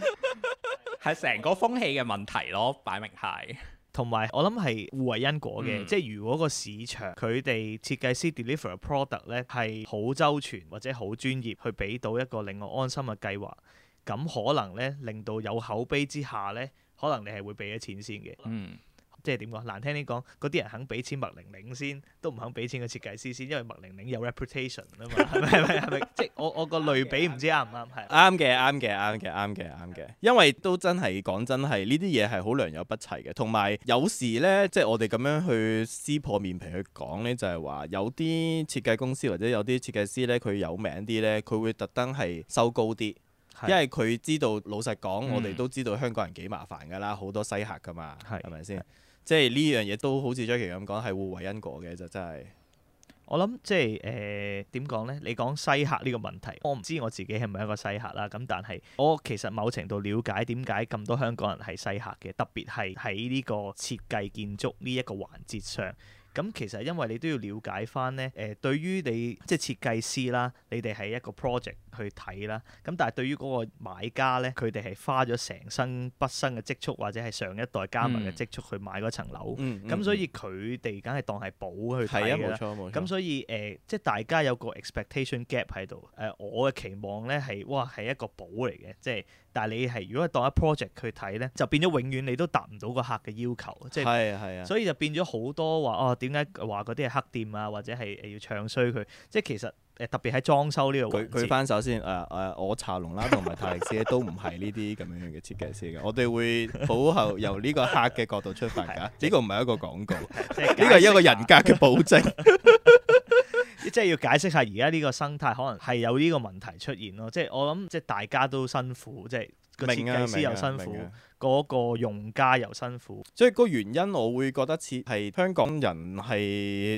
係成 個風氣嘅問題咯，擺明係。同埋我諗係互為因果嘅，嗯、即係如果個市場佢哋設計師 deliver product 呢係好周全或者好專業，去俾到一個令我安心嘅計劃，咁可能呢，令到有口碑之下呢，可能你係會俾咗錢先嘅。嗯。即係點講？難聽啲講，嗰啲人肯俾錢麥玲玲先，都唔肯俾錢個設計師先，因為麥玲玲有 reputation 啊嘛，係咪？係咪？即係我我個類比唔知啱唔啱？係啱嘅，啱嘅，啱嘅，啱嘅，啱嘅。因為都真係講真係呢啲嘢係好良莠不齊嘅，同埋有時呢，即係我哋咁樣去撕破面皮去講呢，就係話有啲設計公司或者有啲設計師呢，佢有名啲呢，佢會特登係收高啲，因為佢知道老實講，我哋都知道香港人幾麻煩㗎啦，好多西客㗎嘛，係咪先？即係呢樣嘢都好似 Jacky 咁講，係互為因果嘅就真係。我諗即係誒點講呢？你講西客呢個問題，我唔知我自己係咪一個西客啦。咁但係我其實某程度了解點解咁多香港人係西客嘅，特別係喺呢個設計建築呢一個環節上。咁其實因為你都要了解翻咧，誒、呃、對於你即係設計師啦，你哋係一個 project 去睇啦。咁但係對於嗰個買家咧，佢哋係花咗成生畢生嘅積蓄，或者係上一代加務嘅積蓄去買嗰層樓。咁、嗯嗯嗯、所以佢哋梗係當係寶去睇啊，冇錯冇錯。咁所以誒、呃，即係大家有個 expectation gap 喺度。誒、呃，我嘅期望咧係，哇，係一個寶嚟嘅，即係。但係你係如果係當一 project 去睇咧，就變咗永遠你都達唔到個客嘅要求，即係，的所以就變咗好多話哦，點解話嗰啲係黑店啊，或者係要唱衰佢？即係其實誒，特別喺裝修呢個，佢舉翻首先誒誒，我查龍啦同埋泰力斯都唔係呢啲咁樣樣嘅設計師嘅。 我哋會保后由呢個客嘅角度出發啊，呢 的個唔係一個廣告，呢個係一個人格嘅保證。 即係要解釋下，而家呢個生態可能係有呢個問題出現咯。即係我諗，即係大家都辛苦，即係個設計師又辛苦，嗰個用家又辛苦。所以個原因，我會覺得設係香港人係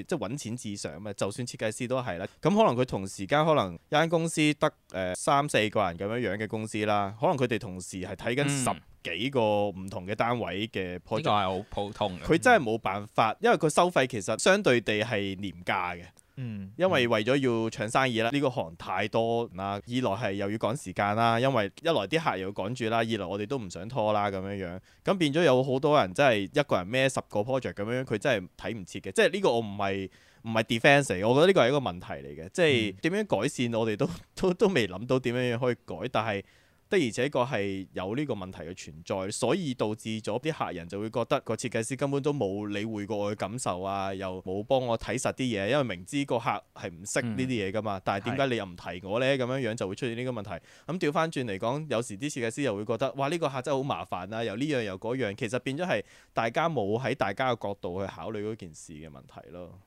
即係揾錢至上嘛。就算設計師都係啦，咁可能佢同時間可能一間公司得誒三四個人咁樣樣嘅公司啦，可能佢哋同時係睇緊十幾個唔同嘅單位嘅破。呢個係好普通。佢，嗯，真係冇辦法，因為佢收費其實相對地係廉價嘅。嗯，因為為咗要搶生意啦，呢、嗯、個行太多啦。二來係又要趕時間啦，因為一來啲客又要趕住啦，二來我哋都唔想拖啦咁樣樣。咁變咗有好多人真係、就是、一個人孭十個 project 咁樣，佢真係睇唔切嘅。即係呢個我唔係唔係 defence，我覺得呢個係一個問題嚟嘅。即係點樣改善我，我哋都都都未諗到點樣樣可以改，但係。的而且確係有呢個問題嘅存在，所以導致咗啲客人就會覺得個設計師根本都冇理會過我嘅感受啊，又冇幫我睇實啲嘢，因為明知個客係唔識呢啲嘢噶嘛。嗯、但係點解你又唔提我呢？咁樣樣就會出現呢個問題。咁調翻轉嚟講，有時啲設計師又會覺得「哇，呢、個客真係好麻煩啊！」由呢樣又嗰樣。其實變咗係大家冇喺大家嘅角度去考慮嗰件事嘅問題咯。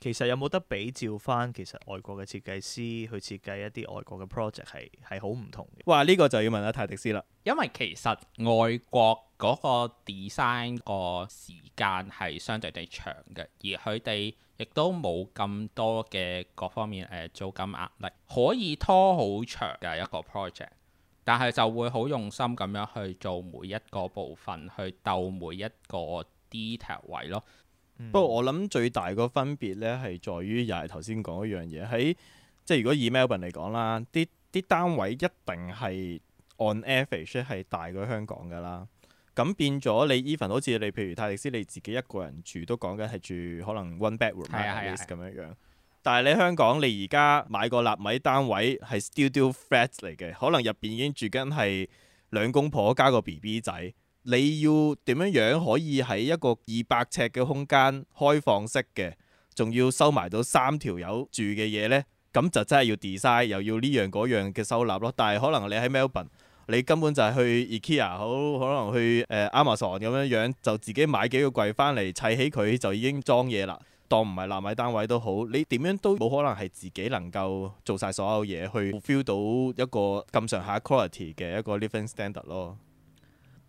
其實有冇得比照翻？其實外國嘅設計師去設計一啲外國嘅 project 係係好唔同嘅。哇！呢個就要問阿泰迪斯啦。因為其實外國嗰個 design 個時間係相對地長嘅，而佢哋亦都冇咁多嘅各方面誒租金壓力，可以拖好長嘅一個 project，但係就會好用心咁樣去做每一個部分，去鬥每一個 detail 位咯。嗯、不過我諗最大個分別呢係在於又係頭先講一樣嘢，喺即係如果以 Melbourne 嚟講啦，啲啲單位一定係 on average 係大過香港㗎啦。咁變咗你 even 好似你譬如泰迪斯你自己一個人住都講緊係住可能 one bedroom 咁樣、啊啊啊、樣，但係你香港你而家買個納米單位係 studio flats 嚟嘅，可能入邊已經住緊係兩公婆加個 B B 仔。你要點樣樣可以喺一個二百尺嘅空間開放式嘅，仲要收埋到三條友住嘅嘢呢？咁就真係要 design 又要呢樣嗰樣嘅收納咯。但係可能你喺 Melbourne，你根本就係去 IKEA 好，可能去、呃、Amazon 咁樣樣，就自己買幾個櫃翻嚟砌起佢就已經裝嘢啦。當唔係納米單位都好，你點樣都冇可能係自己能夠做晒所有嘢去 feel 到一個咁上下 quality 嘅一個 living standard 咯。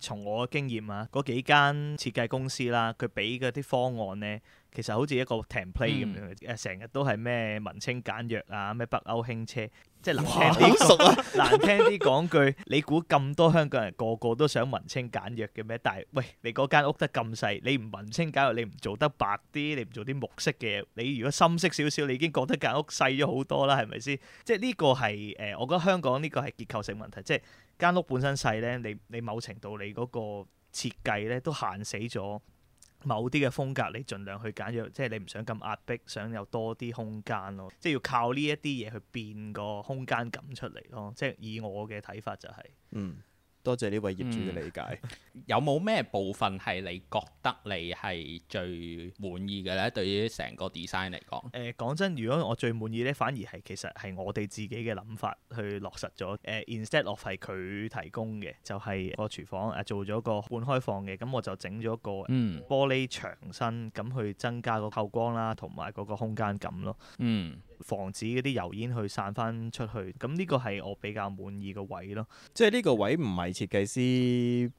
從我嘅經驗啊，嗰幾間設計公司啦，佢俾嗰啲方案咧，其實好似一個 template 咁樣，誒成日都係咩文青簡約啊，咩北歐輕奢，即係難聽啲、這、講、個、 句，你估咁多香港人個個都想文青簡約嘅咩？但係喂，你嗰間屋得咁細，你唔文青簡約，你唔做得白啲，你唔做啲木色嘅嘢，你如果深色少少，你已經覺得間屋細咗好多啦，係咪先？即係呢個係誒、呃，我覺得香港呢個係結構性問題，即係。間屋本身細呢，你你某程度你嗰個設計咧都限死咗某啲嘅風格，你盡量去揀咗，即係你唔想咁壓迫，想有多啲空間咯，即係要靠呢一啲嘢去變個空間感出嚟咯。即係以我嘅睇法就係。嗯多謝呢位業主嘅理解。嗯、 有冇咩部分係你覺得你係最滿意嘅咧？對於成個 design 嚟講？誒講、呃、真，如果我最滿意咧，反而係其實係我哋自己嘅諗法去落實咗。誒、呃、instead of 係佢提供嘅，就係、是、個廚房誒、啊、做咗個半開放嘅，咁我就整咗個玻璃牆身，咁去增加個透光啦，同埋嗰個空間感咯。嗯。防止嗰啲油煙去散翻出去，咁呢個係我比較滿意嘅位咯。即係呢個位唔係設計師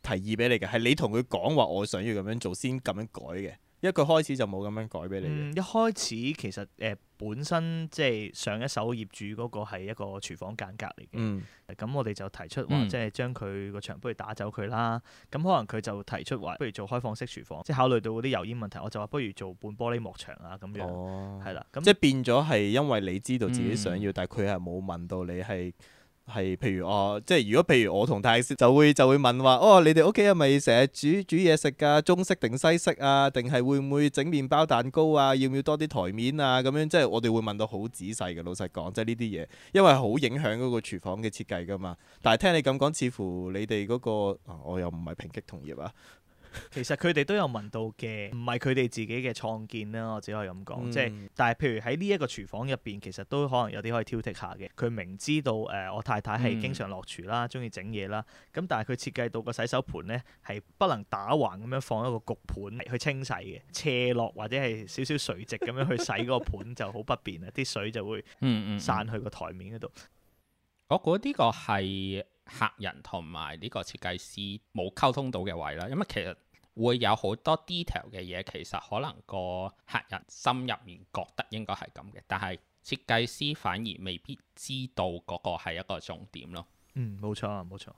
提議俾你嘅，係你同佢講話，我想要咁樣做先咁樣改嘅。一個開始就冇咁樣改俾你、嗯、一開始其實誒、呃、本身即係上一手業主嗰個係一個廚房間隔嚟嘅。嗯。咁我哋就提出話，即係將佢個牆不如打走佢啦。咁、嗯、可能佢就提出話，不如做開放式廚房。即係考慮到嗰啲油煙問題，我就話不如做半玻璃幕牆啦咁樣。哦。係啦。咁即係變咗係因為你知道自己想要，嗯、但係佢係冇問到你係。係，譬如我即係如果譬如我同泰師就會就會問話，哦，你哋屋企係咪成日煮煮嘢食噶，中式定西式啊？定係會唔會整麵包蛋糕啊？要唔要多啲台面啊？咁樣即係我哋會問到好仔細嘅，老實講，即係呢啲嘢，因為好影響嗰個廚房嘅設計噶嘛。但係聽你咁講，似乎你哋嗰、嗰個、啊、我又唔係抨擊同業啊。其實佢哋都有問到嘅，唔係佢哋自己嘅創建啦，我只可以咁講，嗯、即係但係，譬如喺呢一個廚房入邊，其實都可能有啲可以挑剔下嘅。佢明知道誒、呃，我太太係經常落廚啦，中意整嘢啦，咁但係佢設計到個洗手盤呢，係不能打橫咁樣放一個焗盤嚟去清洗嘅，斜落或者係少少垂直咁樣去洗個盤就好不便啦，啲 水就會散去個台面嗰度。嗯嗯、 我覺得呢個係。客人同埋呢個設計師冇溝通到嘅位啦，因為其實會有好多 detail 嘅嘢，其實可能個客人心入面覺得應該係咁嘅，但係設計師反而未必知道嗰個係一個重點咯。嗯，冇錯啊，冇錯。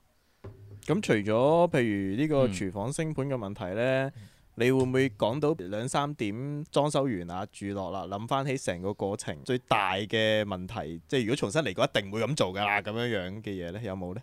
咁除咗譬如呢個廚房升盤嘅問題呢，嗯、你會唔會講到兩三點裝修完啊住落啦，諗翻起成個過程最大嘅問題，即係如果重新嚟過一定會咁做㗎啦，咁樣樣嘅嘢呢，有冇呢？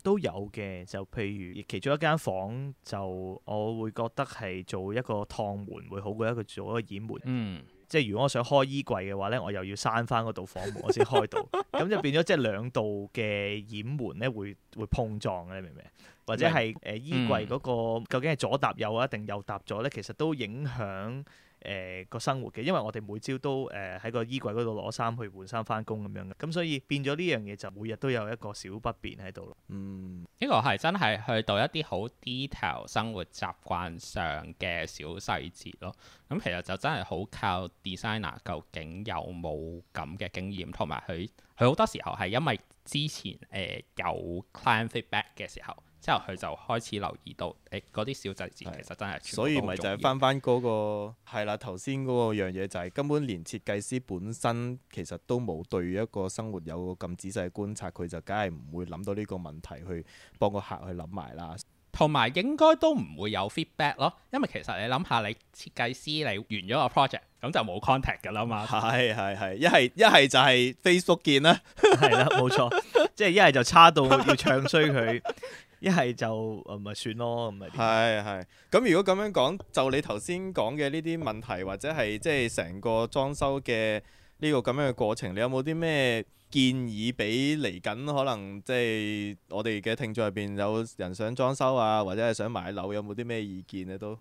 都有嘅，就譬如其中一間房就，我會覺得係做一個趟門會好過一個做一個掩門。嗯，即係如果我想開衣櫃嘅話呢，我又要閂翻嗰度房門，我先開到，咁 就變咗即係兩道嘅掩門呢會會碰撞嘅，你明唔明？或者係誒是、呃、衣櫃嗰個究竟係左搭右啊，定右搭左呢？其實都影響。誒、呃、個生活嘅，因為我哋每朝都誒喺、呃、個衣櫃嗰度攞衫去換衫翻工咁樣嘅，咁所以變咗呢樣嘢就每日都有一個小不便喺度咯。嗯，呢個係真係去到一啲好 detail 生活習慣上嘅小細節咯。咁其實就真係好靠 designer 究竟有冇咁嘅經驗，同埋佢佢好多時候係因為之前誒、呃、有 client feedback 嘅時候。之後佢就開始留意到誒嗰啲小細節，其實真係，所以咪就係翻翻嗰個係 啦。頭先嗰個樣嘢就係根本連設計師本身其實都冇對一個生活有咁仔細觀察，佢就梗係唔會諗到呢個問題去幫個客去諗埋啦。同埋應該都唔會有 feedback 咯，因為其實你諗下，你設計師你完咗個 project 咁就冇 contact 噶啦嘛。係係係，一係一係就係 facebook 見啦，係啦冇錯， 即係一係就差到要唱衰佢。 一係就誒咪、啊、算咯咁咪。係係，咁 如果咁樣講，就你頭先講嘅呢啲問題，或者係即係成個裝修嘅呢個咁樣嘅過程，你有冇啲咩建議俾嚟緊可能即係我哋嘅聽眾入邊有人想裝修啊，或者係想買樓，有冇啲咩意見咧都？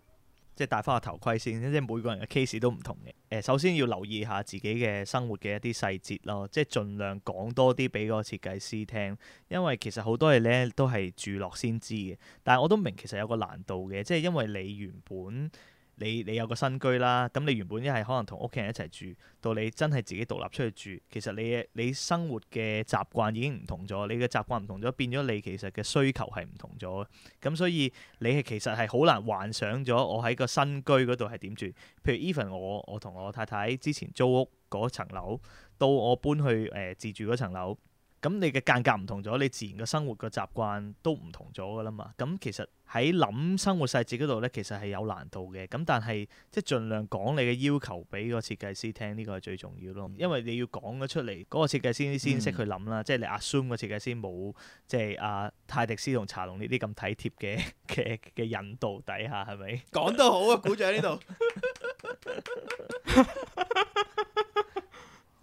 即係戴翻個頭盔先，即係每個人嘅 case 都唔同嘅。誒、呃，首先要留意下自己嘅生活嘅一啲細節咯，即係盡量講多啲俾個設計師聽，因為其實好多嘢咧都係住落先知嘅。但係我都明其實有個難度嘅，即係因為你原本，你你有個新居啦，咁你原本一係可能同屋企人一齊住，到你真係自己獨立出去住，其實你你生活嘅習慣已經唔同咗，你嘅習慣唔同咗，變咗你其實嘅需求係唔同咗，咁所以你係其實係好難幻想咗我喺個新居嗰度係點住，譬如 even 我我同我太太之前租屋嗰層樓，到我搬去誒自住嗰層樓。咁你嘅間隔唔同咗，你自然嘅生活嘅習慣都唔同咗噶啦嘛。咁其實喺諗生活細節嗰度咧，其實係有難度嘅。咁但係即係盡量講你嘅要求俾個設計師聽，呢個係最重要咯。因為你要講咗出嚟，嗰個設計師先識去諗啦。即係你 assume 個設計師冇即係阿泰迪斯同茶龍呢啲咁體貼嘅嘅嘅引導底下，係咪？講得好啊，鼓掌呢度。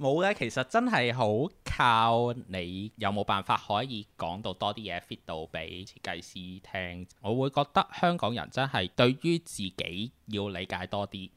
冇嘅，其實真係好靠你有冇辦法可以講到多啲嘢 fit 到俾設計師聽。我會覺得香港人真係對於自己要理解多啲，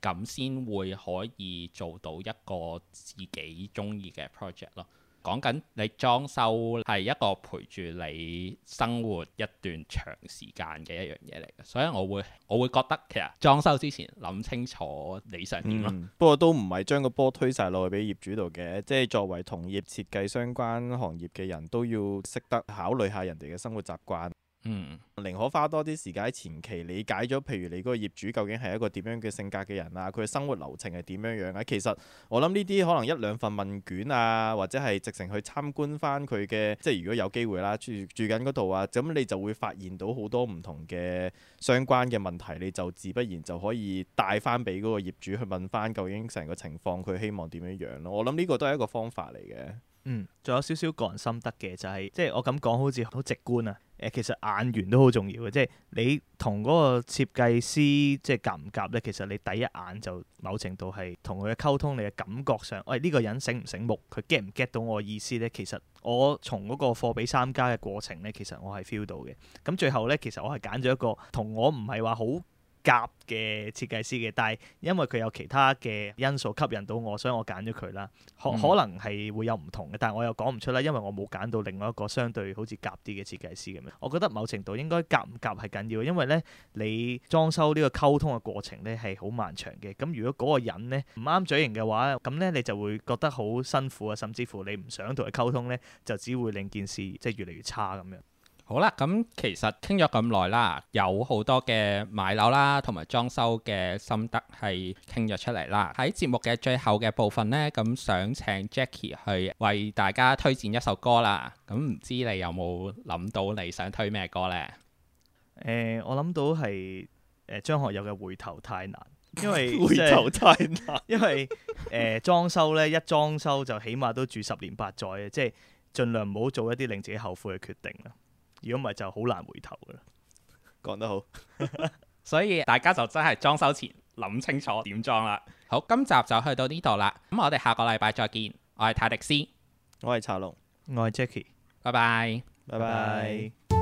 咁先會可以做到一個自己中意嘅 project 咯。講緊你裝修係一個陪住你生活一段長時間嘅一樣嘢嚟嘅，所以我會我會覺得其實裝修之前諗清楚你想點咯，嗯。不過都唔係將個波推晒落去俾業主度嘅，即係作為同業設計相關行業嘅人都要識得考慮下人哋嘅生活習慣。嗯，寧可花多啲時間喺前期理解咗，譬如你嗰個業主究竟係一個點樣嘅性格嘅人啊，佢嘅生活流程係點樣樣啊。其實，我諗呢啲可能一兩份問卷啊，或者係直程去參觀翻佢嘅，即係如果有機會啦，住住緊嗰度啊，咁你就會發現到好多唔同嘅相關嘅問題，你就自不然就可以帶翻俾嗰個業主去問翻，究竟成個情況，佢希望點樣樣咯。我諗呢個都係一個方法嚟嘅。嗯，仲有少少個人心得嘅，就係、是、即係我咁講好似好直觀啊。誒、呃，其實眼緣都好重要嘅，即係你同嗰個設計師即係夾唔夾咧，其實你第一眼就某程度係同佢嘅溝通，你嘅感覺上，喂呢、這個人醒唔醒目，佢 get 唔 get 到我意思咧？其實我從嗰個貨比三家嘅過程咧，其實我係 feel 到嘅。咁最後咧，其實我係揀咗一個同我唔係話好夾嘅設計師嘅，但係因為佢有其他嘅因素吸引到我，所以我揀咗佢啦。可可能係會有唔同嘅，但係我又講唔出啦，因為我冇揀到另外一個相對好似夾啲嘅設計師咁樣。我覺得某程度應該夾唔夾係緊要，因為咧你裝修呢個溝通嘅過程咧係好漫長嘅。咁如果嗰個人咧唔啱嘴型嘅話，咁咧你就會覺得好辛苦啊，甚至乎你唔想同佢溝通咧，就只會令件事即係越嚟越差咁樣。好啦，咁其實傾咗咁耐啦，有好多嘅買樓啦，同埋裝修嘅心得係傾咗出嚟啦。喺節目嘅最後嘅部分呢，咁想請 Jacky 去為大家推薦一首歌啦。咁唔知你有冇諗到你想推咩歌呢？呃、我諗到係誒、呃、張學友嘅《回頭太難》，因為回頭太難，因為誒裝修呢，一裝修就起碼都住十年八載嘅，即、就、係、是、盡量唔好做一啲令自己後悔嘅決定。如果唔係就好難回頭啦，講得好， 所以大家就真係裝修前諗清楚點裝啦。好，今集就去到呢度啦。咁我哋下個禮拜再見。我係泰迪斯，我係茶龍，我係 Jacky，拜拜，拜拜。拜拜。